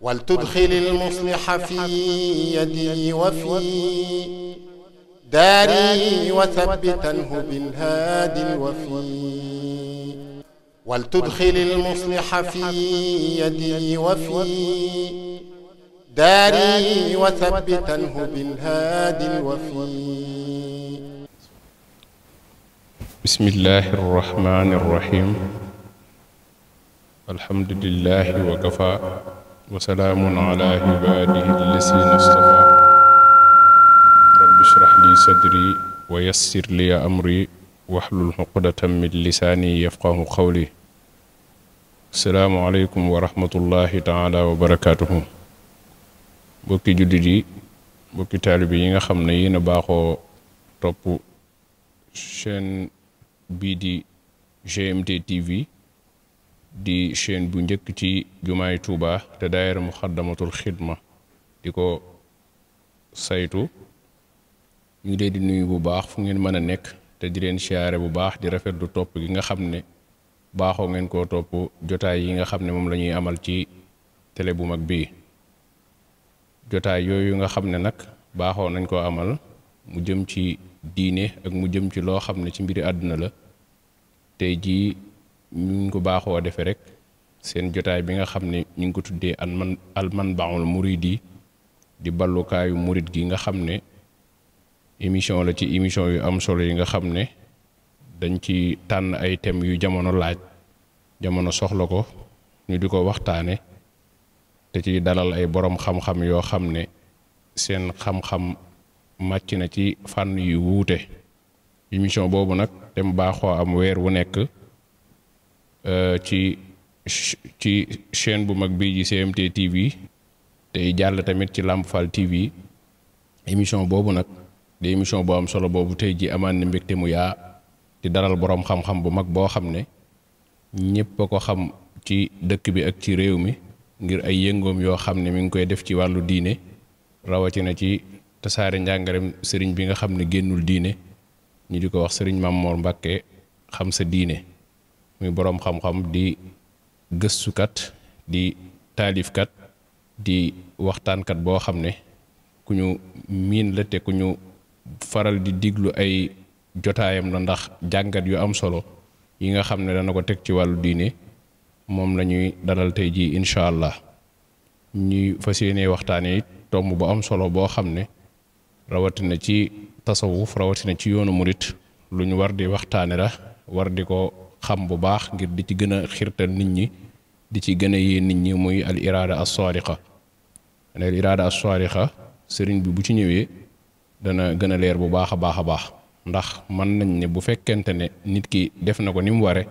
ولتدخل المصلح في يدي وفي داري وثبتنه بالهادي الوفي ولتدخل المصلح في يدي وفي داري وثبتنه بالهادي الوفي بسم الله الرحمن الرحيم الحمد لله وكفى وسلام على عباده الذين اصطفى رب اشرح لي صدري ويسر لي أمري واحلل عقدة من لساني يفقه قولي السلام عليكم ورحمة الله تعالى وبركاته mbokki jullit yi mbokki taalibe yi nga xam ne yéen a baaxoo topp chaîne bii di GMT TV di chaîne bu njëkk ci jumaay Touba te daayira xaddamatul xidma di ko saytu ñu ngi di nuyu bu baax fu ngeen mën a nekk te di leen siyaare bu baax di rafet du topp gi nga xam ne baaxoo ngeen koo topp jotaay yi nga xam ne moom la ñuy amal ci télé bu mag bii jotaay yooyu nga xam ne nag baaxoo nañ koo amal mu jëm ci diine ak mu jëm ci loo xam ne ci mbiri àdduna la tey jii ñu ko baaxoo defee rek seen jotaay bi nga xam ne ñu ngi ko tuddee alman almanbaul muridi di ballukaayu murid gi nga xam ne émission la ci émission yu am solo yi nga xam ne dañ ci tànn ay thèmes yu jamono laaj jamono soxla ko ñu di ko waxtaane te ci dalal ay borom xam-xam yoo xam ne seen xam-xam màcc na ci fànn yu wuute émission boobu nag dem baaxoo am weer wu nekk Euh, ci ci chaîne bu mag bi ji GMT TV tey jàll tamit ci Lamp Fall TV émission boobu nag di émission boo am solo boobu tey ji amaan na mbégte mu yaa di daral boroom xam-xam bu mag boo xam ne ñépp a ko xam ci dëkk bi ak ci réew mi ngir ay yëngoom yoo xam ne mi ngi koy def ci wàllu diine rawatina ci tasaare njàngarem sëriñ bi nga xam ne génnul diine ñu di ko wax sëriñ Mamoor Mbàkke xam sa diine muy boroom xam-xam di gëstukat di taalifkat di waxtaankat boo xam ne ku ñu miin la te ku ñu faral di diglu ay jotaayam la ndax jàngat yu am solo yi nga xam ne dana ko teg ci wàllu diine moom lañuy dalal tey jii incha allah ñuy fas yéene waxtaanee tomb bu am solo boo xam ne rawatina ci tasawuf rawatina ci yoonu murit lu ñu war di waxtaane la war di ko xam bu baax ngir di ci gën a xirtal nit ñi di ci gën a yee nit ñi muy al iraada as-saadiqa al iraada sëriñ bi bu ci ñëwee dana gën a leer bu baax a baax a baax ndax mën nañ ne bu fekkente ne nit ki def na ko ni mu ware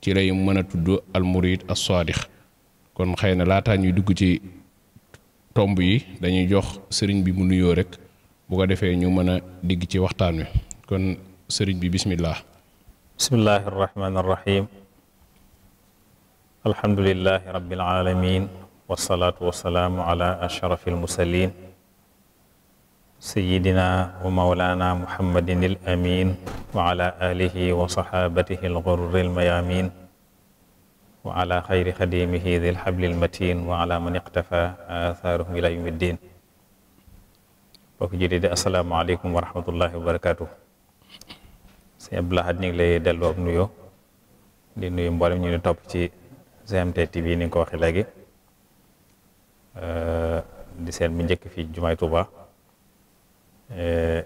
ci lay mën a tudd al murid as-saadiq kon xëy na laataa ñuy dugg ci tomb yi dañuy jox sëriñ bi mu nuyoo rek bu ko defee ñu mën a digg ci waxtaan wi kon sëriñ bi bismillah bismillahi arrahmani irrahim alhamdulilahi rabilalamin wasalaatu wasalaamu ala ashrafi almursalin sayidina wa maulana muhammadin al amin wa ala alihi wa saxaabatihi algurri almayamin wa ala xayri xadimihi di lxabli almatin wa ala man iqtafa athaaruhum ila yawmi ddin bokk ji di assalaamu aleykum wa rahmatullahi wa barakatuh sëñ Abdou Lahad ñu ngi lay delloo nuyoo di nuyu mboolem ñu ngi topp ci GMT TV ni ko waxee léegi euh, di seen mu njëkk fii Jumaay Touba euh,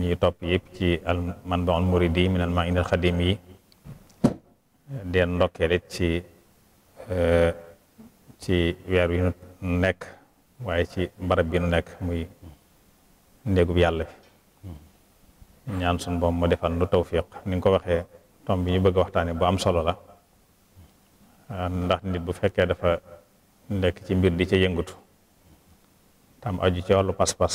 ñuy topp yëpp ci al manbaul muridi maa ma'inil xadim yi den ndokkee rek ci euh, ci weer wi nu nekk waaye ci barab bi nu nekk muy ndégub yàlla fi ñaan suñu boom mu defal lu tawfiq ni nga ko waxee tom bi ñu bëgg waxtaane bu am solo la ndax nit bu fekkee dafa nekk ci mbir di ca yëngatu tam aju ci wàllu pas-pas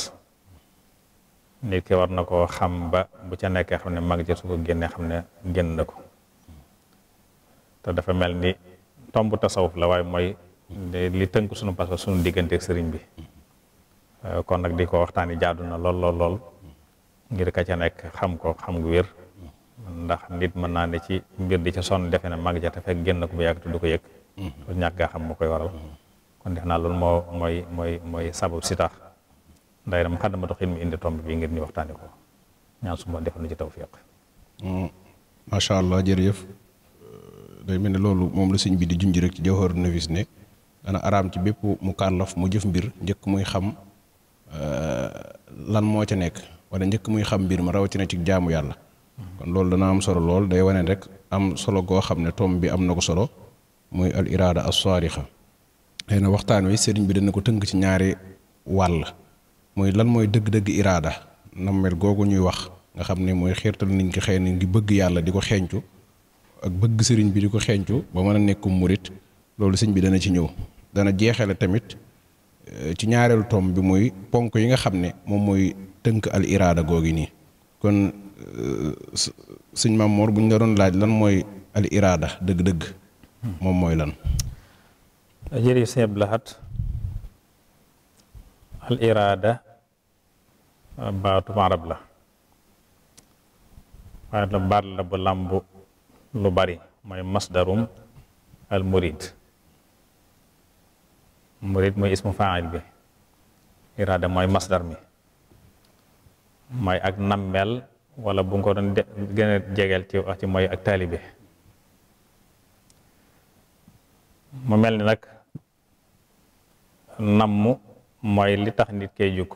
nit ki war na koo xam ba bu ca nekkee xam ne mag ja su ko génnee xam ne génn na ko te dafa mel ni tomb tasawuf la waaye mooy li tënk sunu pas-pas sunu digganteeg sëriñ bi kon nag di ko waxtaani jaadu na lool lool lool ngir ka ca nekk xam ko xam nga wér ndax nit mën naa ne ci mbir di ca sonn defe na mag ja te fekk génn ko bu yàgg te du ko yëg lu xam moo koy waral kon def naa lool moo mooy mooy mooy sabab si tax nday ram xaddamatu xil mu indi tomb bi ngir ñu waxtaane ko ñaan su ma defal na ci tawfiq hmm. macha allah jërëjëf euh, day mel ne loolu moom la sëñ bi di junj rek ci jawharu nafis ne dana araam ci bépp mu kàllaf mu jëf mbir njëkk muy xam euh, lan moo ca nekk wala njëkk muy xam mbir ma rawatina ci jaamu yàlla kon loolu dana am solo lool day wane rek am solo goo xam ne tom bi am na ko solo muy al iraada as saarixa xëy na waxtaan wi sëriñ bi dana ko tënk ci ñaari wàll muy lan mooy dëgg-dëgg iraada nammel googu ñuy wax nga xam ne mooy xiirtal niñ ko xëy na ngi bëgg yàlla di ko xeeñcu ak bëgg sëriñ bi di ko xeeñcu ba mën a nekkum murit loolu sëñ bi dana ci ñëw dana jeexale tamit eh, ci ñaareelu tom bi muy ponk yi nga xam ne moom mooy tënk al iraada googi nii kon euh, sëñ ma Moor bu ñu la doon laaj lan mooy al iraada dëgg-dëgg moom mooy lan jërëjëf sëñ Abdou Lahad al iraada euh, baatu arab la waaye la baat la bu làmb lu bari mooy masdarum al murid murid mooy ismu faa'il bi iraada mooy masdar mi mooy ak nammeel wala bu nga ko doon gën a jegeel ci wax ak taalibe mu mel ni nag namm mooy li tax nit kay jóg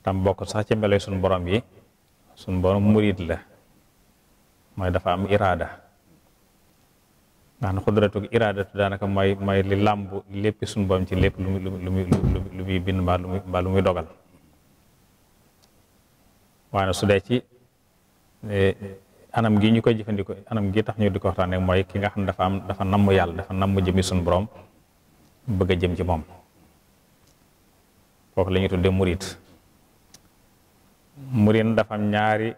tam bokk sax ci melo suñu borom yi suñu borom murit la mooy dafa am iraada nga xam ne xudratu tu daanaka mooy mooy li làmb léppi suñu borom ci lépp lu muy lu muy lu muy bind mbaa lu muy mbaa lu muy dogal waaye su dee ci e, anam gi ñu koy jëfandikoo anam gi tax ñu di ko waxtaanee mooy ki nga xam ne dafa am dafa namm yàlla dafa namm jëmi suñu borom bëgg a jëm ci moom kooku la ñuy tuddee murid murid dafa am ñaari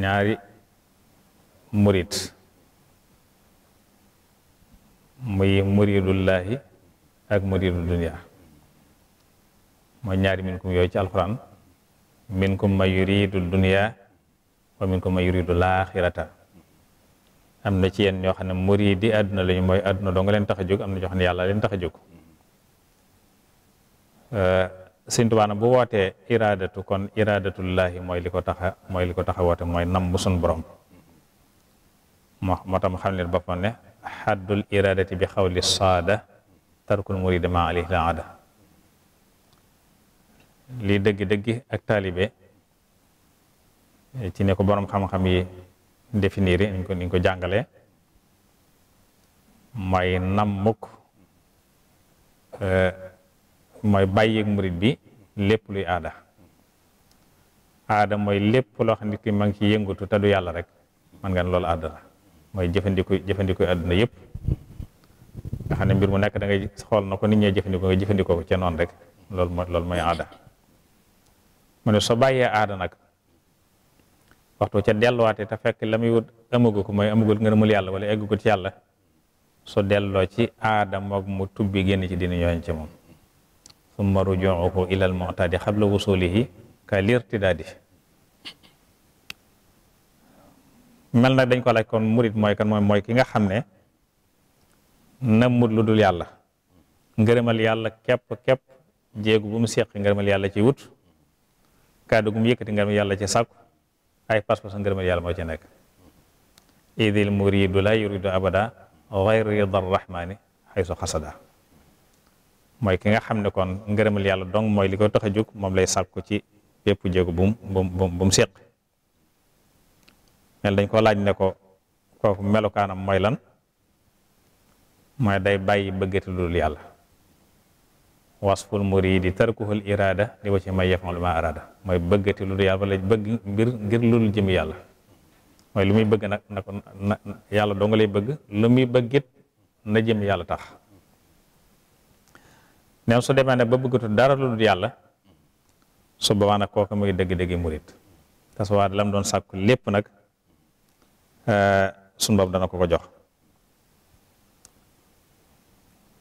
ñaari murid muy muridullaahi ak muridu dunya mooy ñaari min kum yooyu ci alxuraan minkum man yuridu dunya wa minkum man yuridu laaxirata am na ci yenn ñoo xam ne muridi àdduna lañu mooy àdduna doo leen tax a jóg am na ñoo xam ne yàlla leen tax a jóg sëñ Tuubaa bu wootee iraadatu kon iraadatullaahi mooy li ko tax mooy li ko tax mooy nam bu sun borom moo moo xam leen boppam ne xaddul iraadati bi xawli saada tarkul muridi ma alayhi la lii dëgg-dëgg ak taalibe ci ne ko borom xam-xam yi définir niñ ko niñ ko jàngale mooy nam mukk euh, mooy bàyyi murit bi lépp luy aada aada mooy lépp loo xam ne ki ma ngi yàlla rek man nga ne aada mooy jëfandiku jëfandiku àdduna yëpp nga ne mbir nekk da ngay xool na ko nit ñee jëfandikoo jëfandikoo ko noonu rek loolu mooy loolu mooy aada mu ne soo bàyyee aada nag waxtu ca delluwaate te fekk la muy wut amagu ko mooy amagul ngërëmul yàlla wala eggu ko ci yàlla su delloo ci aada moog mu tubbi génn ci dina ñooñ ci moom summa rujuuhu ila al mu'tadi xabla wusulihi ka lirtidaadi mel nag dañ ko laaj kon murit mooy kan mooy ki nga xam ne na nammut lu dul yàlla ngërëmal yàlla képp képp jeegu bu mu seq ngërëmal yàlla ci wut kàddu gu mu yëkkati ngërëm yàlla ci sàkku ay pas-pas ngërëm yàlla moo ci nekk idil muridu la yuridu abada xayru ridar rahmani xaysu xasada mooy ki nga xam ne kon ngërëmal yàlla dong mooy li ko tax a jóg moom lay sàkku ci bépp jéego bu mu bu mu séq mel dañ ko laaj ne ko kooku melukaanam mooy lan mooy day bay bëggati lu dul yàlla wasful muridi tarkuhul irada li wa ci may yafal ma arada mooy bëggati lu yàlla wala bëgg mbir ngir jëm yàlla lu muy bëgg nag na yàlla doo nga lay bëgg lu muy jëm yàlla tax nem su demee nag ba bëggatu dara lu dul yàlla su boobaa nag kooku muy dëgg-dëgg murit te waa lam doon sàkku lépp nag eh, sun boobu dana ko ko jox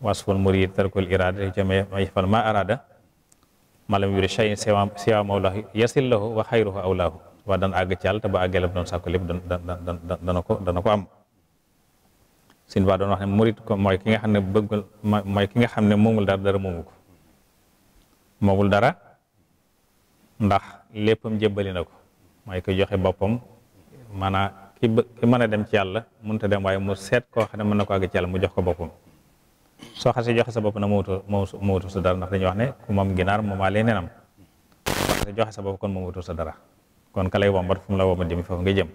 wasful murid tarkul irada jame yafal ma arada malam yuri shay siwa siwa mawlahu yasil lahu wa xayruhu awlahu waa dana àgg ci yàlla te ba àggee la doon sàkku lépp dana ko dana ko am sin baa doon wax ne murid ko mooy ki nga xam ne bëggul mooy ki nga xam ne moomul dara dara moomu ko dara ndax léppam jébbali na ko mooy ko joxe boppam maanaa ki ki mën dem ci yàlla mun a dem waaye mu seet koo xam ne mën na ko àgg ci mu jox ko boppam soo xasee joxe sa bopp na mawutu mawutu sa dara ndax dañuy wax ne ku ginaar moomaa lee nenam soo xasee joxe sa bopp kon mawutu sa dara kon ka lay wombat fu la wombat jëm foofu nga jëm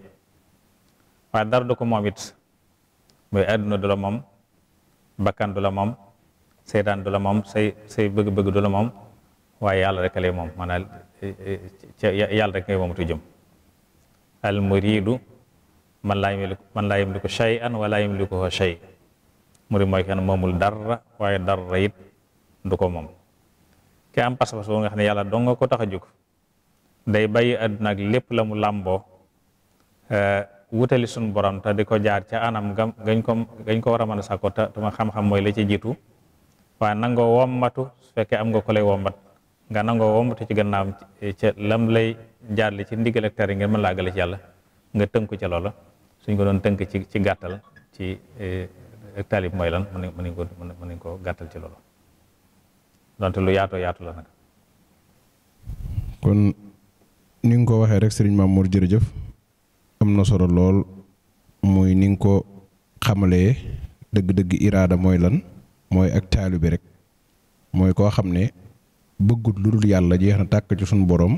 waaye dara du ko moom it àdduna du la moom bakkan du la moom seytaan say say bëgg-bëgg du la moom waaye yàlla rek lay moom maanaam eh, eh, yàlla rek ngay moomatu jëm al muridu man laa yamliku man laa yamliku shay'an wa laa yamlikuhu shay' murid mooy kenn moomul dara waaye dara it du ko moom am pas-pas boobu nga xam ne yàlla dong nga ko tax a jóg day bay àdduna ak lépp la mu làmboo eh, wutali suñu borom ta di ko jaar ca anam gam gañ ko gañ ko war a mën a sàkko te ma xam-xam mooy la ci jiitu waaye nangoo wommatu su fekkee am nga ko lay wombat nga nangoo wommatu ci gannaawam ca lam lay jaarli ci ndigal ak tere ngeen mën laa àggale ci yàlla nga tënku ca loola suñ ko doon tënk ci ci ci eh, ak taalib mooy lan mën nañ ko mën nañ ko gàttal ci loolu donte lu yaatoo yaatu la nag. kon ni nga ko waxee rek sëriñ Mamour jërëjëf am na solo lool mooy ni nga ko xamalee dëgg-dëgg iraada mooy lan mooy ak taalibe rek mooy koo xam ne bëggut lu dul yàlla jeex na tàkk ci suñu boroom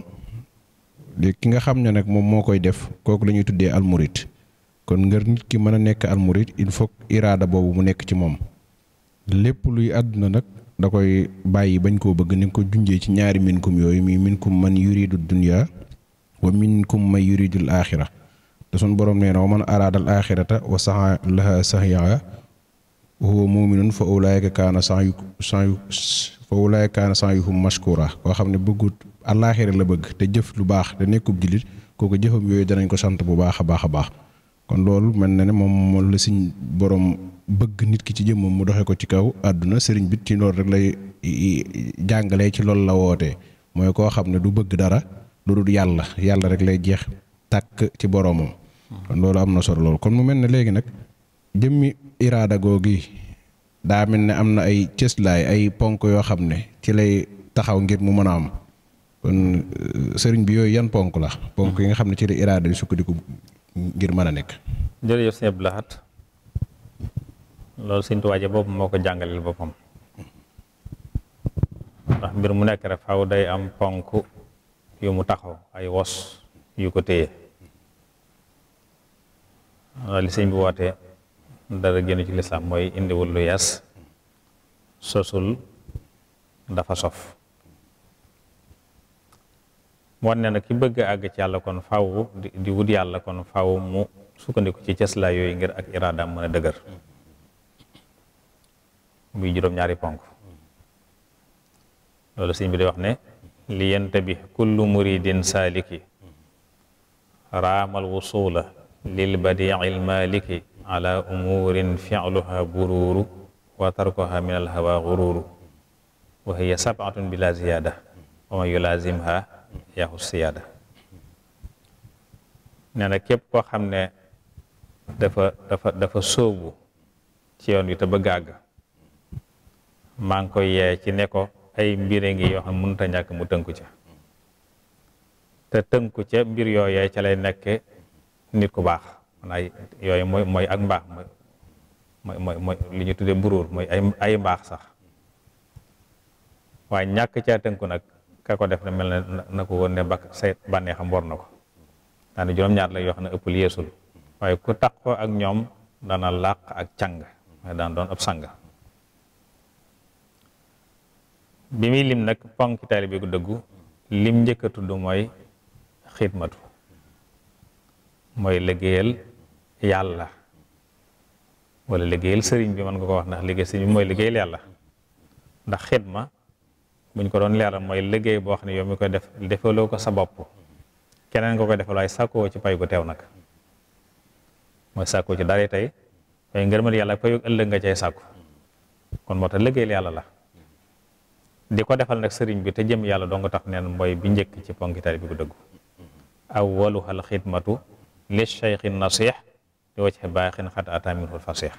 léegi ki nga xam ne nag moom moo koy def kooku lañuy tuddee almurit kon ngir nit ki mën a nekk almurid il faut iraada boobu mu nekk ci moom lépp luy àdduna nag da koy bàyyi bañ koo bëgg ni ko junjee ci ñaari minkum yooyu mi minkum man yuridu dunya wa minkum man yuridul axira te sun borom nee na wa man araadal axirata wa saxa laha saxiyaa huwa muminun fa ulaayka kaana sayu sayu fa ulaayka kaana sayuhum mashkura koo xam ne bëggut alaaxira la bëgg te jëf lu baax te nekkub jullit kooku jëfam yooyu danañ ko sant bu baax a baax a baax kon loolu mel na ne moom moom la suñ borom bëgg nit ki ci jëmmam mu doxee ko ci kaw àdduna sëriñ bi ci loolu rek lay jàngale ci loolu la wootee mooy koo xam ne du bëgg dara lu dul yàlla yàlla rek lay jeex tàkk ci boromam. kon loolu am na solo loolu kon mu mel ne léegi nag jëmmi iraada googi daa mel ne am na ay cëslaay ay ponk yoo xam ne ci lay taxaw ngir mu mën a am kon sëriñ bi yooyu yan ponk la. ponk yi nga xam ne ci la iraada bi sukkandiku ngir mën a nekk. jërëjëf sëñ Abdou Lahad loolu sëñ Tuubaa boobu moo ko jàngaleel boppam mbir mu nekk rek faaw day am ponk yu mu taxaw ay wos yu ko téye li sëñ bi wootee dara génn ci lislaam mooy indiwul lu yees sosul dafa sof wan na ki bëgg a àgg ci yàlla kon faw di wut yàlla kon faw mu sukkandiku ci cëslaa yooyu ngir ak iraadaam mën a dëgër muy juróom-ñaari ponk loolu sëñ bi wax ne li yantabi kullu muridin saaliki raamal wusula lil badiil maliki ala umurin filuha buruuru wa tarkuha min alhawa guruuru wa hiya sabatun bila ziyada wa man yulazimha yaxu siyaada nee na képp koo xam ne dafa dafa dafa sóobu ci yoon wi te bëgg àgg maa ngi koy yee ci ne ay mbire ngi yoo xam mënut a mu tënku ca te tënku ca mbir yooyee ca lay nekk nit ku baax maanaam yooyu mooy mooy ak mbaax mooy mooy mooy li ñu tuddee buruur mooy ay ay mbaax sax waaye ñàkk caa tënku nag ka ko def na mel na ko woon ne bakk say bànneexam war na ko daa juróom-ñaar la yoo xam ne ëppul yeesul waaye ku taqoo ak ñoom dana làq ak càng waaye daan doon ab sang bi muy lim nag ponk taalibe gu dëggu lim njëkk a tudd mooy xidmatu mooy liggéeyal yàlla wala liggéeyal sëriñ bi mën nga ko wax ndax liggéey sëriñ bi mooy liggéeyal yàlla ndax xidma buñ ko doon leeral mooy liggéey boo xam ne yow mi koy def defaloo ko sa bopp keneen nga koy defal ay sàkkoo ci pay gu teew nag mooy sàkkoo ci dara tey waaye ngërëmal yàlla payu ëllëg nga cay sàkku kon moo tax yàlla la di ko defal nag sëriñ bi te jëm yàlla dong tax neen mooy bi njëkk ci ponki tari bi ku dëggu awwaluha al xidmatu li cheikhi nasix di wacce baaxin xat ataminul fasix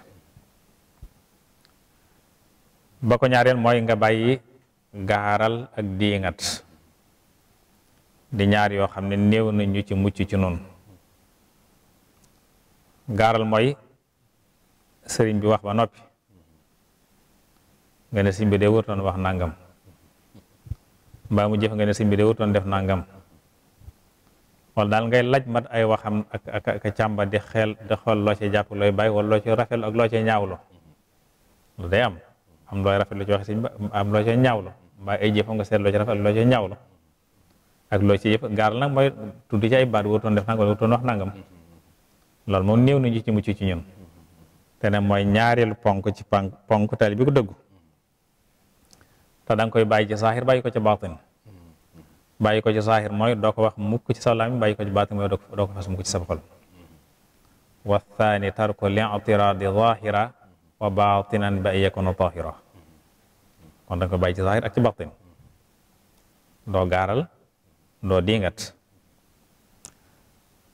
ba ko ñaareel mooy nga bàyyi gaaral ak diingat di ñaar yoo xam ne néew nañ ñu ci mucc ci noonu gaaral mooy sëriñ bi wax ba noppi nga ne sëriñ bi de wax nangam mbaa mu jëf nga ne sëriñ bi de def nangam wala daal ngay laaj mat ay waxam ak ak ak càmba di xel di xool loo ci jàpp looy bàyyi wala loo ci rafetlu ak loo ci ñaawlo lu am am looy rafetlu ci wax sëriñ ñaawlo mbaa ay jëfam nga seet loo ci rafet loo ci ak loo ci yëpp gaaral nag mooy tudd ci ay baat warutoon def nag wala warutoon wax nangam loolu moom néew nañu ci mucc ci ñun te ne mooy ñaareelu ponk ci ponk ponk tali bi ko dëggu te da koy bàyyi ci saaxir bàyyi ko ci baatin bàyyi ko ci saaxir mooy doo ko wax mukk ci sa laam bàyyi ko ci baatin mooy doo ko fas mukk ci sa xol wa thaani tarku li'tiraadi zaahira wa baatinan bi an yakuna taahira kon da nga ko bàyyi ci zahir ak ci batin doo gaaral doo diingat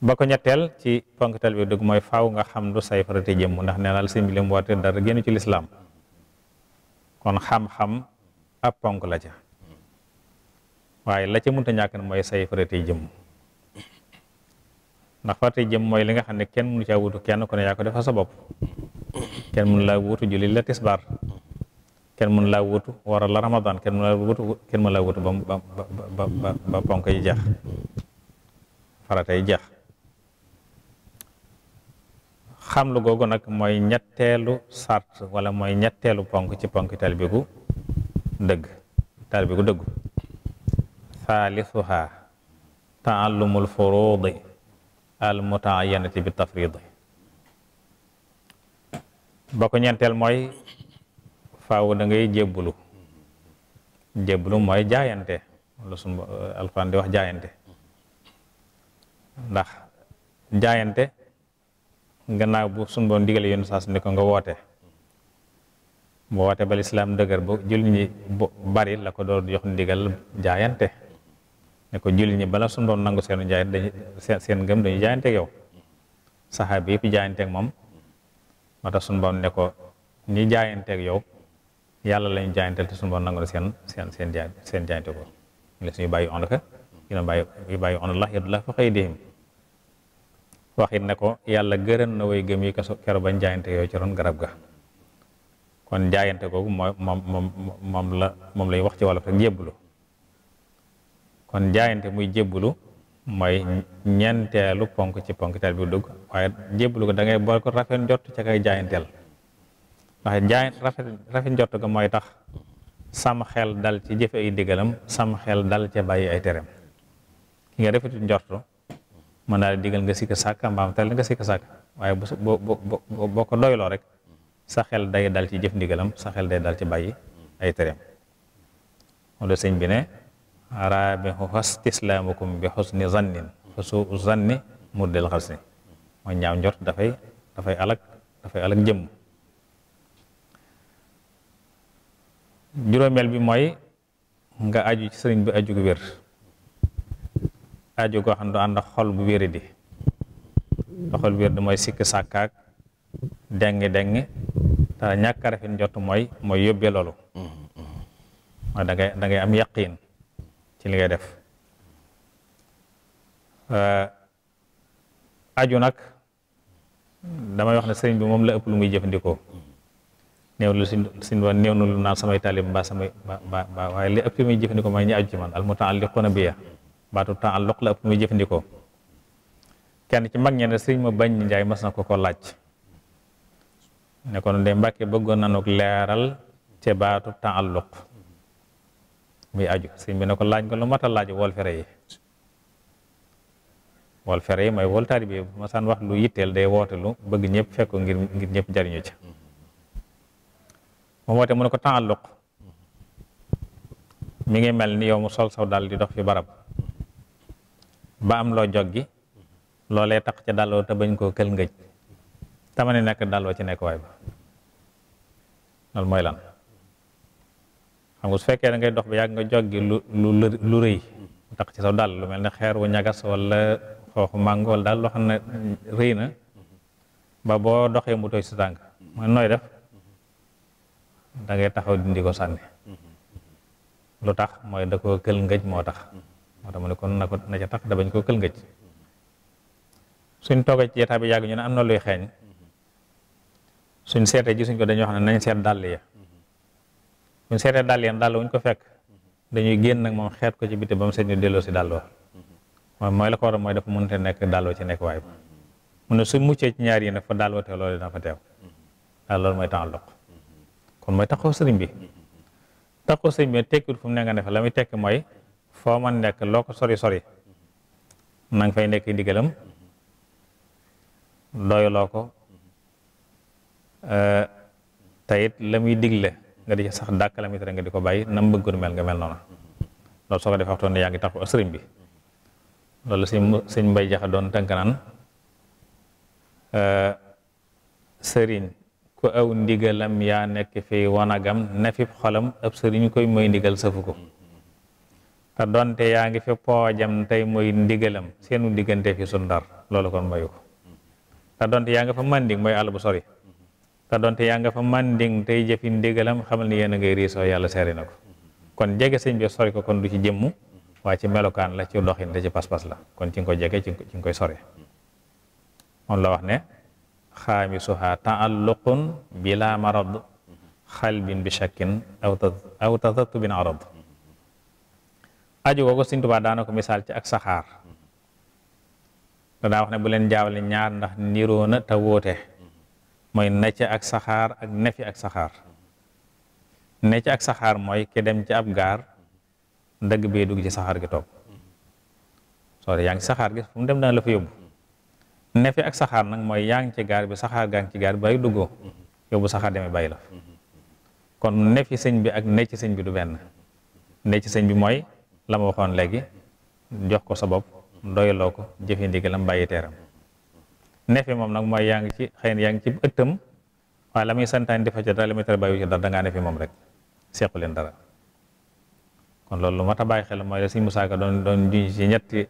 ba ñetteel ci ponktal bi dëgg mooy faw nga xam lu say farate jëmm ndax nee naa la sëñ dara génn ci lislaam kon xam-xam ab ponk la ca waaye la ca te ñàkk mooy say farate jëmm ndax farate jëmm mooy li nga xam ne kenn mënu caa wutu kenn ku ne yaa ko defal sa bopp kenn mënu laa wutu julli la tisbaar kenn mën laa wutu war a la ramadan kenn mën laa wutu kenn ba ba ba ba ponk yi jeex farata yi jeex xam lu googu nag mooy ñetteelu sart wala mooy ñetteelu ponk ci ponk talbigu dëgg talbigu dëggu thaalisuha taallumul furudi al mutaayanati bi tafridi ba ko ñeenteel mooy waaw da ngay jébbulu jébbulu mooy jaayante lu suñ euh, alxuraan di wax jaayante ndax jaayante gannaaw boo suñ boon digale yoonu saas ne nga woote bu woote ba lislaam dëgër ba bari la ko door jox ndigal jaayante ne ko ñi bala suñ boon nangu seenu jaayante dañu seen ngëm dañu jaayante ak yow saxaabi yëpp jaayante moom moo tax suñ boon ne ko ñi jaayante yow yàlla lañ jaayanteel te suñu borom nangu na seen seen seen jaay seen jaayante ko les yu bàyyi onaka ina bàyyi yu bàyyi onallah yadullah fa xëy dihim wax it ne ko yàlla gërëm na way gëm yi kaso kero bañ jaayante yooyu ci ron garab ga kon jaayante googu mooy moom moom la moom lay wax ci wolof rek jébbulu kon jaayante muy jébbulu mooy ñeenteelu ponk ci ponk taal bi dugg waaye jébbulu ko da ngay bor ko rafet njort ca kay jaayanteel ndax jaay rafet rafet njort ga mooy tax sama xel dal ci jëfe ay digalam sama xel dal ca bàyyi ay tereem ki nga rafetu njort mën naa di digal nga sikka sàkk mbaam tel nga sikka sàkk waaye bu boo ko doyloo rek sa xel day dal ci jëf ndigalam sa xel day dal ci bàyyi ay tereem wala sëñ bi ne arabihu fastislaamukum bi xusni zannin fa suu zanni muddel xal si mooy ñaaw njort dafay dafay alak dafay juróomeel bi mooy nga aju ci sëriñ bi aju gu wér aju goo xam ne xol bu wéri di xol bu mooy sikk sàkkaak dengi dengi te ñàkk a rafet njott mooy mooy yóbbee loolu mooy da ngay da ci li def aju nag damay wax ne sëriñ bi moom la ëpp lu muy jëfandikoo néew la suñ suñ wa néew na lu naan samay taalib mbaa samay mbaa mbaa waaye li ëpp muy jëfandikoo mooy ñi aju ci man al mutaalliquna biya baatu taalluq la ëpp muy jëfandikoo kenn ci mag ñe ne ma bañ njaay mas na ko ko laaj ne kon de mbàkke bëggoon nanuk leeral ci baatu taalluq muy aju sëriñ bi ne ko laaj nga lu mat laaj wol fere yi wol fere yi mooy wol taalibe bi masaan wax lu yitteel day woote lu bëgg ñëpp fekk ngir ngir ñëpp jariñu ci mu mu ne ko taalluq mi ngi mel ni yow mu sol saw dal di dox fi barab ba am loo joggi loolee tax ca dalloo te bañ koo kël ngëj tama ne nekk dalloo ci nekk waay ba loolu mooy xam nga su fekkee da ngay dox ba yàgg nga joggi lu lu lu rëy tax ci saw dàll lu mel ne xeer wu ñagas wala xooxu màngo daal loo xam ne rëy na ba boo doxee mu tooy si tànk mooy nooy def da ngay taxaw dindi ko sànni mm-hmm. lu tax mooy da koo kël ngëj moo tax mm-hmm. moo tax mu ne kon na ko na tax da bañ ko kël ngëj suñ toogee ci yetaa bi yàgg ñu ne am na luy xeeñ mm-hmm. suñ seetee suñ ko dañuy wax ne nañ seet dàll ya buñ seetee dàll ya wuñ ko fekk dañuy génn nag moom xeet ko ci biti ba mu seet ñu delloo si dàll wa mooy mooy la ko war mooy dafa mënute nekk dàll wa ci nekk waay mu ne su muccee ci ñaar yi nag fa dàll wa teew loolu dina fa teew daal loolu mooy temps loq kon mooy taxaw sëriñ bi taxaw sëriñ bi tekkiwut fu mu ne ne fa la muy tekk mooy foo man nekk loo ko sori sori na nga fay nekk ndigalam doy loo ko eh, tayit la muy digle nga di sax dàkk rek muy nga di ko bàyyi nam bëggoon mel nga mel noonu loolu soo ko defee waxtoon ne yaa ngi taxaw sëriñ bi loolu sëñ sëñ mbay jaxa doon tënk naan eh, sëriñ ku aw ndigalam ya nekk fi wanagam na fi xolam ab ñu koy moy ndigal safu ko te donte yaa ngi fi poojam tey mooy ndigalam seenu diggante fi sundar loolu kon mayu ko te donte yaa nga fa manding mooy àll bu sori te donte yaa nga fa manding tey jëfi ndigalam xamal ni yéen nga riso riisoo yàlla seeri na ko kon jege sëñ bi sori ko kon du ci jëmm waaye ci melokaan la ci doxin te ci pas-pas la kon ci nga ko jege ci nga koy sore moom la wax ne xaamisuha taalluqun bila marad xalbin bi shakkin aw aw tatatubin arad aju googu Sëñ Tuubaa daana ko misaal ci ak saxaar dadaa wax ne bu leen jaawale ñaar ndax niroo na te wóote mooy necc ak saxaar ak nefi ak saxaar necc ak saxaar mooy ki dem ci ab gaar dëgg bee dugg ci saxaar gi toog soo yaa saxaar gi fu mu dem dana nefi ak saxaar nag mooy yaa ngi ci gaar bi saxaar gaa ngi ci gaar bi waaye duggoo yow bu saxaar deme bàyyi la kon nefi sëñ bi ak ne sëñ bi du benn ne sëñ bi mooy la ma jox ko sa bopp doyloo ko jëfe ndigalam bàyyi teeram nefi moom nag mooy yaa ngi ci xëy na yaa ngi ci ëttam waaye la muy santaan defa ci dara muy tere bàyyi ci dara da ngaa nefi moom rek seequ leen dara kon loolu lu mat a bàyyi xel mooy la sëñ Musaa Ka doon doon juñ ci ñetti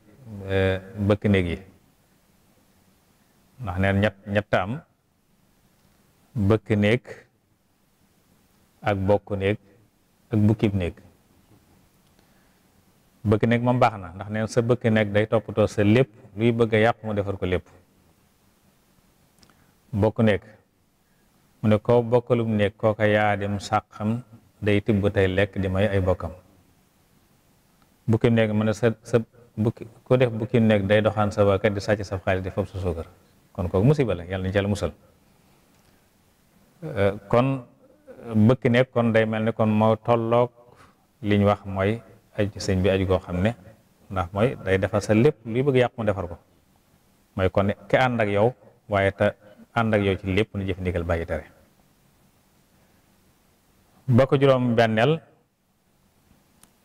eh, bëkk néeg yi ndax neen ñett ñett am bëkk néeg ak bokk néeg ak bukkib néeg bëkk néeg moom baax na ndax neen sa bëkk néeg day toppatoo sa lépp luy bëgg a yàq mu defar ko lépp bokk néeg mu ne koo bokkalum néeg kooka yaa dem sàqam day tibb tey lekk di may ay bokkam bukki néeg mu ne sa sa bukki ku def bukki néeg day doxaan sa waakat di sàcc sa xaalis di fab sa suukar kon kooku musiba la yàlla nañ ci yàlla musal euh, kon bëkk kon day mel ni kon moo tollook li ñu wax mooy aj sëñ bi aj goo xam ne ndax mooy day defar sa lépp luy bëgg yàqu mu defar ko mooy kon ki ànd yow waaye te ànd yow ci lépp nu jëf ndigal bàyyi tere ba ko juróom benneel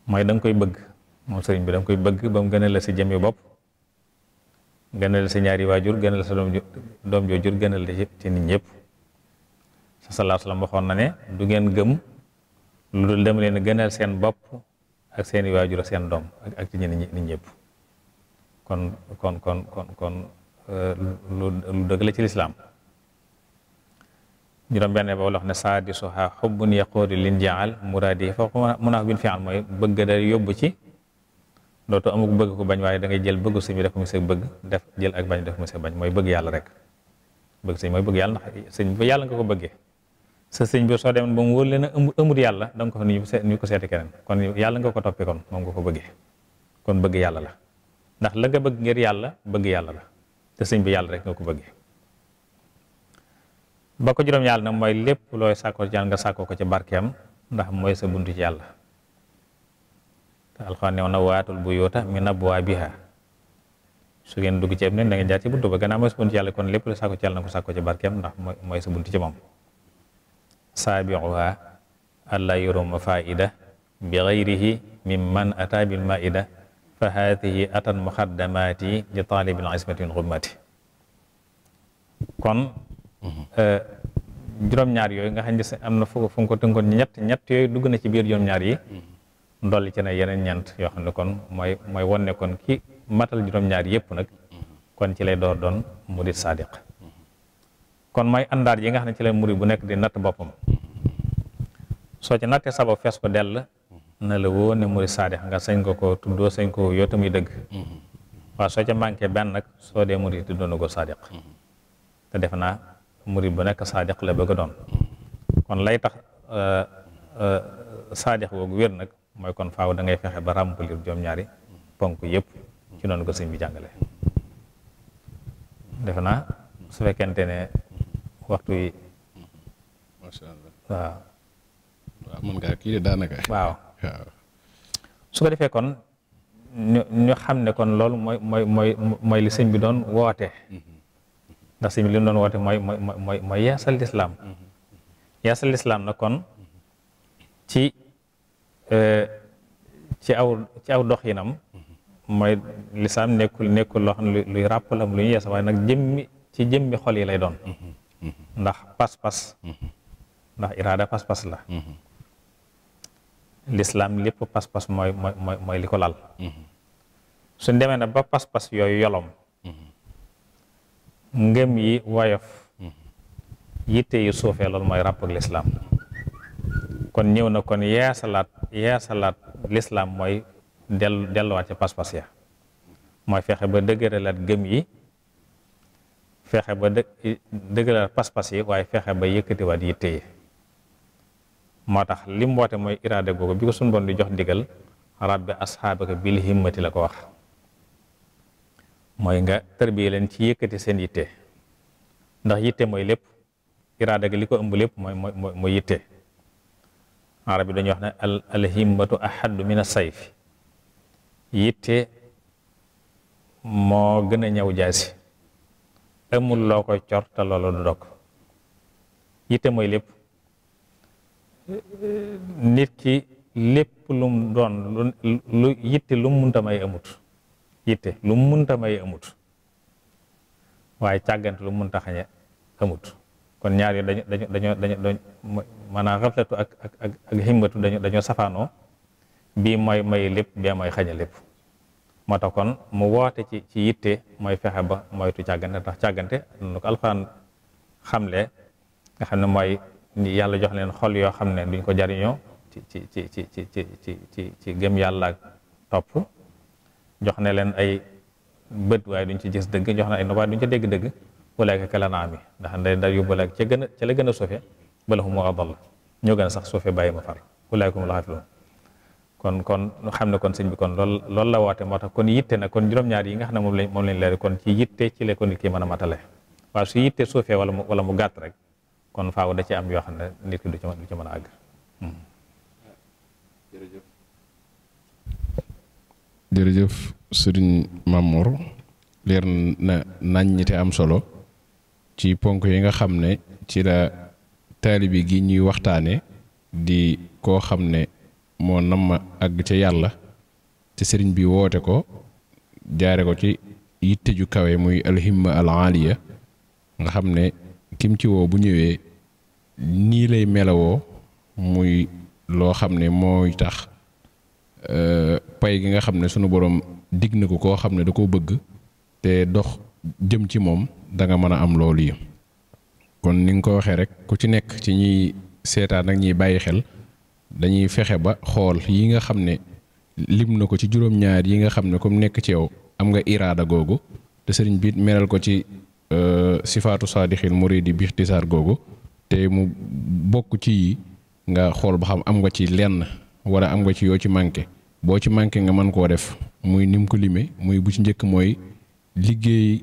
mooy da koy bëgg moom sëriñ bi da koy bëgg ba mu gënal la si jëm yu bopp gënal si ñaari waajur gënal sa doom doom joojur gënal la ci nit ñëpp sa sallallahu alayhi wasallam waxoon na ne du ngeen gëm lu dul dem leen gënal seen bopp ak seeni waajur ak seen doom ak ci ñi nit ñëpp kon kon kon kon kon euh, lu lu dëgg la ci lislaam juróom benn ba wala wax ne saadi soha xubbun yaquudi lin jaal muraadi fa munaax bin fial mooy bëgg da yóbbu ci dootoo amuk bëgg ko bañ waaye da ngay jël bëggu sëñ bi def mu sa bëgg def jël ak bañ def mu sa bañ mooy bëgg yàlla rek bëgg sëñ mooy bëgg yàlla ndax sëñ bi yàlla nga ko bëggee sa sëñ bi soo demee ba mu wóor leen a ëmut yàlla da nga ko fa ñu ko seeti keneen kon yàlla nga ko toppee kon moom ko bëggee kon bëgg yàlla la ndax la nga bëgg ngir yàlla bëgg yàlla la te sëñ bi yàlla rek nga ko bëggee ba ko juróom yàlla nag mooy lépp looy sàkkoo ci yàlla nga sàkkoo ko ci barkeem ndax mooy sa bunt ci yàlla alxuraan ne woon na waatul buyuuta min abwaabiha su ngeen dugg ci ab nit da ngeen jaar ci buntu ba gannaaw mooy sa buntu ci yàlla kon lépp la sàkko ci yàlla na ko sàkko sa buntu ci moom saabiuha allaa yuruma faida bi gayrihi mimman ata bil maida fa haadihi atan muxaddamaati li taalibil ismati min xummati kon mhm. eh, juróom-ñaar yooyu nga xam ne am na fu fu ko ñett ñett yooyu dugg na ci biir juróom-ñaar yi mhm. dolli ci na yeneen ñant yoo xam ne kon mooy mooy won ne kon ki matal juróom-ñaar yépp nag kon ci lay door doon murid sadiq kon mooy àndaar yi nga xam ne ci lay murid bu nekk di natt boppam ci nattee sabab fees ko dell la woo ne murid nga sañ ko ko tuddoo sañ ko yoo tamuy dëgg waaw soo ca manqué benn nag soo dee murid di doon ko sadiq te def naa murid bu nekk sadiq la bëgg a doon kon lay tax euh, euh, sadiq googu wér nag mooy kon faaw da ngay fexe ba remplir juróom-ñaari ponk yëpp ci noonu ko sëñ bi jàngale defe naa su fekkente ne waxtu yi waw allah waaw waaw mën waaw su ko defee kon ñu ñu xam ne kon loolu mooy mooy mooy mooy li sëñ bi doon woote ndax sëñ doon woote mooy mooy mooy mooy yeesal lislaam mm-hmm. yeesal lislaam na kon ci Euh, ci aw ci aw doxinam mooy lislaam nekkul nekkul loo xam ne luy ràppalam lu ñu yeesa waaye nag jëmmi ci jëmmi xol yi lay doon ndax pas-pas ndax iraada pas-pas la lislaam lépp pas-pas mooy mooy mooy li ko lal suñ demee na ba pas-pas yooyu yolom ngëm yi woyof yitte yu suufee loolu mooy ràpp lislaam kon ñëw na kon yeesalaat yeesalaat lislaam mooy dellu delluwaat ci pas ya mooy fexe ba dëgëralaat gëm yi fexe ba dë dëgëralaat pas-pas yi waaye fexe ba yëkkatiwaat yitte yi moo tax li woote mooy iraade googu bi ko sunu Boroom di jox digal rabbi asxaabaka bil himmati la ko wax mooy nga tërbiye leen ci yëkkati seen yitte ndax yitte mooy lépp iraade gi li ko ëmb lépp mooy mooy mooy yitte arab yi dañuy wax ne al alhimmatu ahaddu min as-sayf yitte moo gën a ñaw jaasi amul loo koy cor te loolu du yitte mooy lépp nit ki lépp lu mu doon lu yitte lu munta may amut yitte lu mu munta may amut waaye càggante lu munta xañe amut kon ñaar yi dañu dañu dañoo dañoo maanaam rafletu ak ak ak ak himmatu dañu dañoo safaanoo bii mooy may lépp bee mooy xaña lépp moo tax kon mu woote ci ci yitte mooy fexe ba moytu càggante tax càggante nu ko alxuraan xamle nga xam ne mooy yàlla jox leen xol yoo xam ne duñ ko jariñoo ci ci ci ci ci ci ci ci ci yàlla ak jox ne leen ay bët waaye duñ ci gis dëgg jox na ay nopp waaye duñ ci dégg dëgg ulaayka kal an'aami ndax nday nday yóbbu ca gën a ca la gën a suufe bal hum adall ñoo gën a sax suufe bàyyi ma far ulaayka humul ghaafiluun kon kon xam ne kon sëñ bi kon lool loolu la woote moo tax kon yitte nag kon juróom-ñaar yi nga xam ne moom lañ moom lañ leer kon ci yitte ci la ko nit a matale waaw su yitte suufee wala mu wala mu gàtt rek kon faaw da ci am yoo xam ne nit ki du ci mën du ci mën a àgg jërëjëf jërëjëf sëriñ Mamour leer na nañ ñi am solo ci ponk yi nga xam ne ci la taalibi gi ñuy waxtaane di koo xam ne moo namm ak ca yàlla te sëriñ bi woote ko jaare ko ci yitte ju kawe muy alhimma al nga xam ne kim ci woo bu ñëwee nii lay melawoo muy loo xam ne mooy tax euh, pay gi nga xam ne sunu borom digg na ko koo xam ne da ko bëgg te dox jëm ci moom danga mën a am loolu yi kon ni nga ko waxee rek ku ci nekk ci ñuy seetaan ak ñuy bàyyi xel dañuy fexe ba xool yi nga xam ne lim na ko ci juróom-ñaar yi nga xam ne comme nekk ci yow am nga iraada googu te sëriñ biit meral ko ci euh, sifaatu saadixil muridi bi saar googu te mu bokk ci yi nga xool ba xam am nga ci lenn wala am nga ci yow ci manqué boo ci manqué nga mën koo def muy nim ko limee muy bu ci njëkk mooy liggéey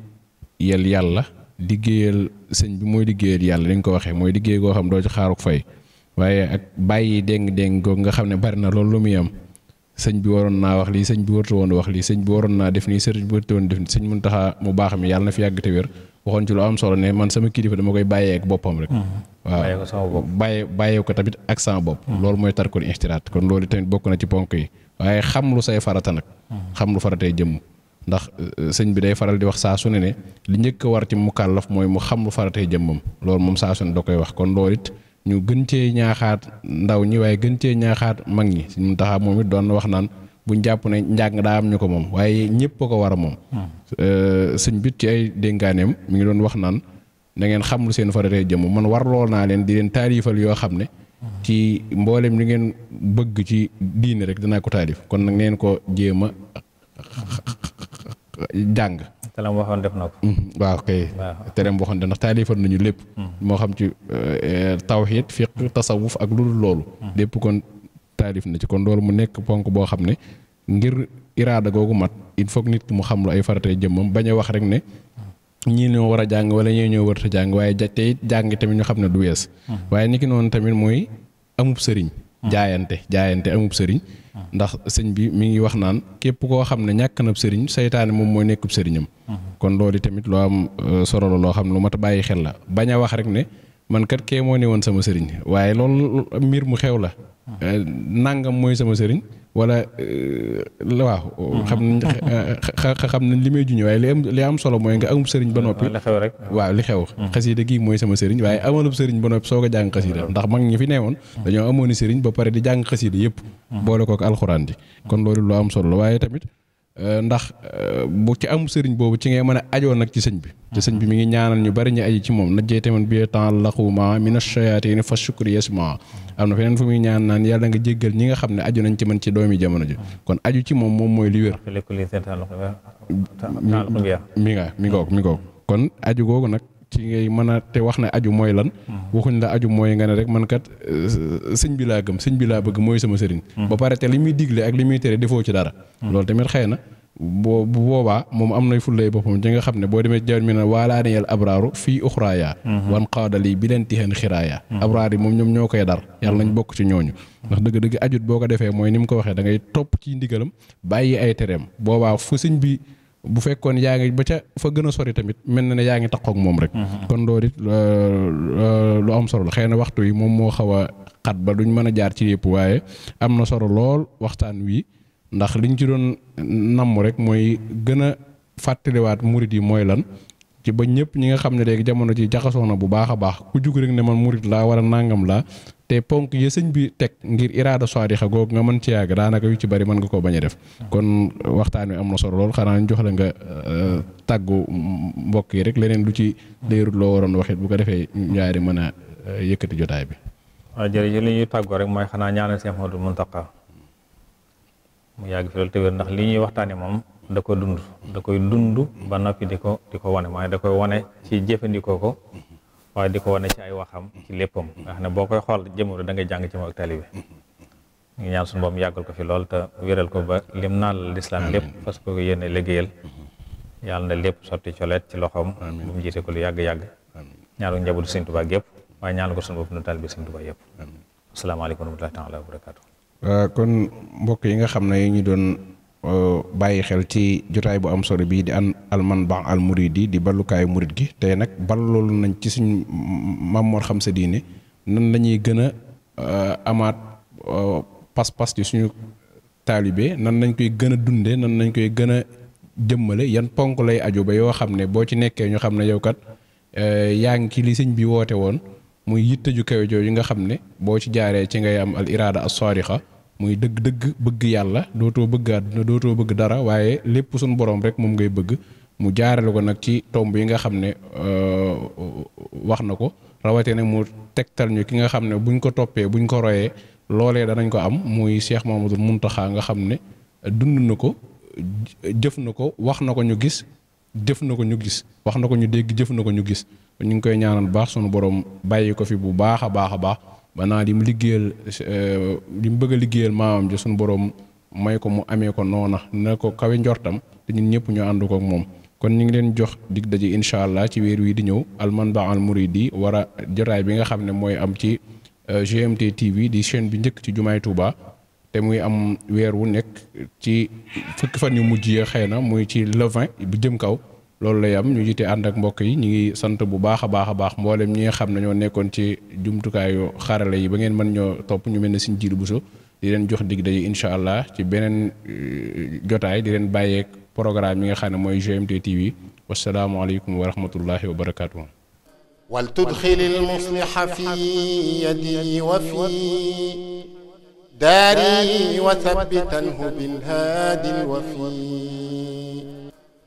yel yàlla liggéeyal sëñ bi mooy liggéeyal yàlla dañ ko waxee mooy liggéey goo xam doo ci xaaruk fay waaye ak bàyyi déng-déng googu nga xam ne bari na loolu lu muy am sëñ bi waroon naa wax lii sëñ bi wartu woon wax lii sëñ bi waroon naa def nii sëriñ bi wartu woon def nii sëñ Muntaxa mu baax mi yàlla na fi yàgg te wér waxoon ci lu am solo ne man sama kilifa dama koy bàyyee ak boppam rek. Mm-hmm. bàyyee ko sama bàyyee bàyyee ko tamit ak sama bopp. Mm-hmm. loolu mooy tarkul instiraat kon loolu tamit bokk na ci ponk yi waaye xam lu say farata nag. Mm-hmm. xam lu faratee jëmm. ndax euh, sëñ bi day faral di wax saa su ne ne li njëkk war ci mu kàllaf mooy mu xam lu faratee jëmmam loolu moom saa su doo koy wax kon loolu ñu gën cee ñaaxaat ndaw ñi waaye gën cee ñaaxaat mag ñi sëñ Muntaxa moom it doon na wax naan buñ jàpp ne njàng daa am ñu ko moom waaye ñëpp ko war a moom. Hmm. Euh, sëñ bi ci ay dénkaaneem mi ngi doon wax naan na ngeen xam lu seen faratee jëmm man war lool naa leen di leen taarifal yoo xam ne. Hmm. ci mbooleem li ngeen bëgg ci diine rek dinaa ko taalif kon nag neen ko jéem a jàng. te la mu waxoon def na ko. Mm-hmm. waaw kay. waaw te dem waxoon de ndax taalifoon nañu lépp. Mm-hmm. moo xam ci eh, tawxiid fiq tasawuf ak lu dul loolu. Mm-hmm. lépp kon taalif na ci kon loolu mu nekk ponk boo xam ne ngir iraada googu mat il foog nit mu xam lu ay faratee jëmmam bañ a wax rek ne. ñii ñoo war a jàng wala ñii ñoo war a jàng waaye ja tey jàng tamit ñu xam ne du wees. waaye niki noonu tamit mooy amub sëriñ. jaayante jaayante amub sëriñ ndax sëñ bi mi ngi wax naan képp koo xam ne ñàkk na sëriñ seytaane moom moo nekkub sëriñam kon loolu tamit loo am euh, solo la loo xam lu mat a bàyyi xel la bañ a wax rek ne man kat kee moo ne woon sama sëriñ waaye loolu mbir mu xew la euh, nangam mooy sama sëriñ wala euh, waaw. xam nañ xam nañ li may juñu waaye li am li am solo mooy nga amub sëriñ ba noppi. li xew rek waaw li xew. Mm-hmm. xasida gi mooy sama sëriñ waaye amoonub sëriñ ba noppi soo ko jàng xasida mm-hmm. ndax mag ñu fi neewoon. Mm-hmm. dañoo amoon sëriñ ba pare di jàng xasida yëpp. boole ko kook alxuraan ji kon loolu lu am solo la waaye tamit. Euh, ndax euh, bu ci am sëriñ boobu ci ngay mën a ajoo nag ci sëñ bi te sëñ bi mi ngi ñaanal ñu bari ñu aji ci moom naj jeyte man bi temps laxuma mina shayaatini fa shukri yasma am na feneen fu muy ñaan naan yàlla nga jéggal ñi nga xam ne aju nañ ci man ci doomi jamono ji kon aju ci moom moom mooy li wér mi nga mi ngoog mi ngoog kon aju googu nag ci ngay mën a te wax ne aju mooy lan. waxuñ la aju mooy nga ne rek man kat euh, sëñ bi laa gëm sëñ bi laa bëgg mooy sama sëriñ. ba pare te li muy digle ak li muy tere defoo ci dara. loolu tamit xëy na boo bu boobaa moom am nay fullay boppam ci nga xam ne boo demee ci jaww mi ne waalaaniyal abraaru fii uxraaya. wan xaadali bi leen tixeen xiraaya. abraar yi moom ñoom ñoo koy dar. yàlla nañ bokk ci ñooñu. ndax dëgg-dëgg ajut boo ko defee mooy ni mu ko waxee danga ngay ci ndigalam bàyyi ay tereem boobaa fu bu fekkoon yaa ngi ba ca fa gën a sori tamit mel na ne yaa ngi taqoog moom rek. Mhm. kon loolu it euh, euh, lu am solo la xëy na waxtu yi moom moo xaw a xat ba duñ mën a jaar ci yëpp waaye am na solo lool waxtaan wi ndax liñ ci doon namm rek mooy gën a fàttaliwaat murit yi mooy lan. ci ba ñëpp ñi nga xam ne léegi jamono ci jaxasoo na bu baax a baax ku jug rek ne man murit laa wala nangam laa te ponk ya sëñ bi teg ngir iraada saadixa googu nga mën ci yàgg daanaka yu ci bari mën nga koo bañ a def kon waxtaan wi am na solo lool xanaa ñu jox la nga euh, tàggu mbokk yi rek leneen du ci leerut loo waroon waxit bu ko defee ñaari mën a euh, yëkkati jotaay bi. waaw jërëjëf li ñuy tàggoo rek mooy xanaa ñaanal Seex Muhammadul Muntaqa mu yàgg fi loolu te wér ndax li ñuy waxtaanee moom da ko dund da koy dund ba noppi di ko di ko wane maanaam da koy wane ci jëfandikoo ko. waa di ko wane ci waxam ci léppam nga xam boo koy xool jëmoro da ngay jàng ci moom ak taalibe ngi ñaan suñu boom yàggal ko fi lool te wéral ko ba lim naan lislaam lépp parce que yéene liggéeyal mhm. yàlla na lépp sotti coleet ci loxoom bu ko lu yàgg-yàgg ñaanu njabootu Sëñ Tuubaa yëpp waaye ñaan ko suñu bopp nu taalibe Sëñ Tuubaa yëpp asalaamaaleykum wa rahmatullaahi taala wa barakaatu kon mbokk yi nga xam ne yi ñu doon Euh, bàyyi xel ci jotaay bu am solo bii di an almanba al muridi di ballukaayu murid gi tey nag balloolu nañ ci suñ Mamor xam sa diine nan la ñuy gën a euh, amaat euh, pas-pas ci suñu taalibe nan lañ koy gën a dunde nan lañ koy gën a jëmmale yan ponk lay aju ba yoo xam ne boo ci nekkee ñu xam ne yow kat yaa ngi ci li sëñ bi woote woon muy yitte ju kawe nga xam ne boo ci jaaree ci ngay am al iraada as-saarixa muy dëgg-dëgg bëgg yàlla dootoo bëgg àdduna dootoo bëgg dara waaye lépp suñu boroom rek moom ngay bëgg mu jaarale ko nag ci tomb yi nga xam ne euh, wax na ko rawatee nag mu tegtal ñu ki nga xam ne buñ ko toppee buñ ko royee loolee danañ ko am muy Cheikh Mamadou Muntaxa nga xam ne dund na ko jëf na ko wax na ko ñu gis jëf na ko ñu gis wax na ko ñu dégg jëf na ko ñu gis ñu ngi koy ñaanal baax sunu borom bàyyi ko fi bu baax a baax a baax ba naa li mu liggéeyal euh, li mu bëgg a liggéeyal maamam ji suñu borom may ko mu amee ko noona ne ko kawe njortam te ñun ñëpp ñu ànd ko moom kon ñu ngi leen jox dig daje incha allah ci weer wii di ñëw almanba al muridi war a jotaay bi nga xam ne mooy am ci euh, GMT TV di chaîne bi njëkk ci jumaay Touba te muy am weer wu nekk ci fukki fan yu mujj yi xëy na muy ci le bu jëm kaw. loolu lay am ñu jiite ànd ak mbokk yi ñu ngi sant bu baax a baax a baax mboolem ñi nga xam nañoo nekkoon ci jumtukaayu xarala yi ba ngeen man ñoo topp ñu mel ne Sëriñ Jiiru Buso di leen jox dig daje incha allah ci beneen euh, jotaay di leen bàyyeek programme yi nga xam ne mooy GMT TV wasalaamualeykum wa rahmatullahi wa barakaatu. wal tudxilil musliha fi yadi wa fi daari wa thabbitanhu bil haadi wa fi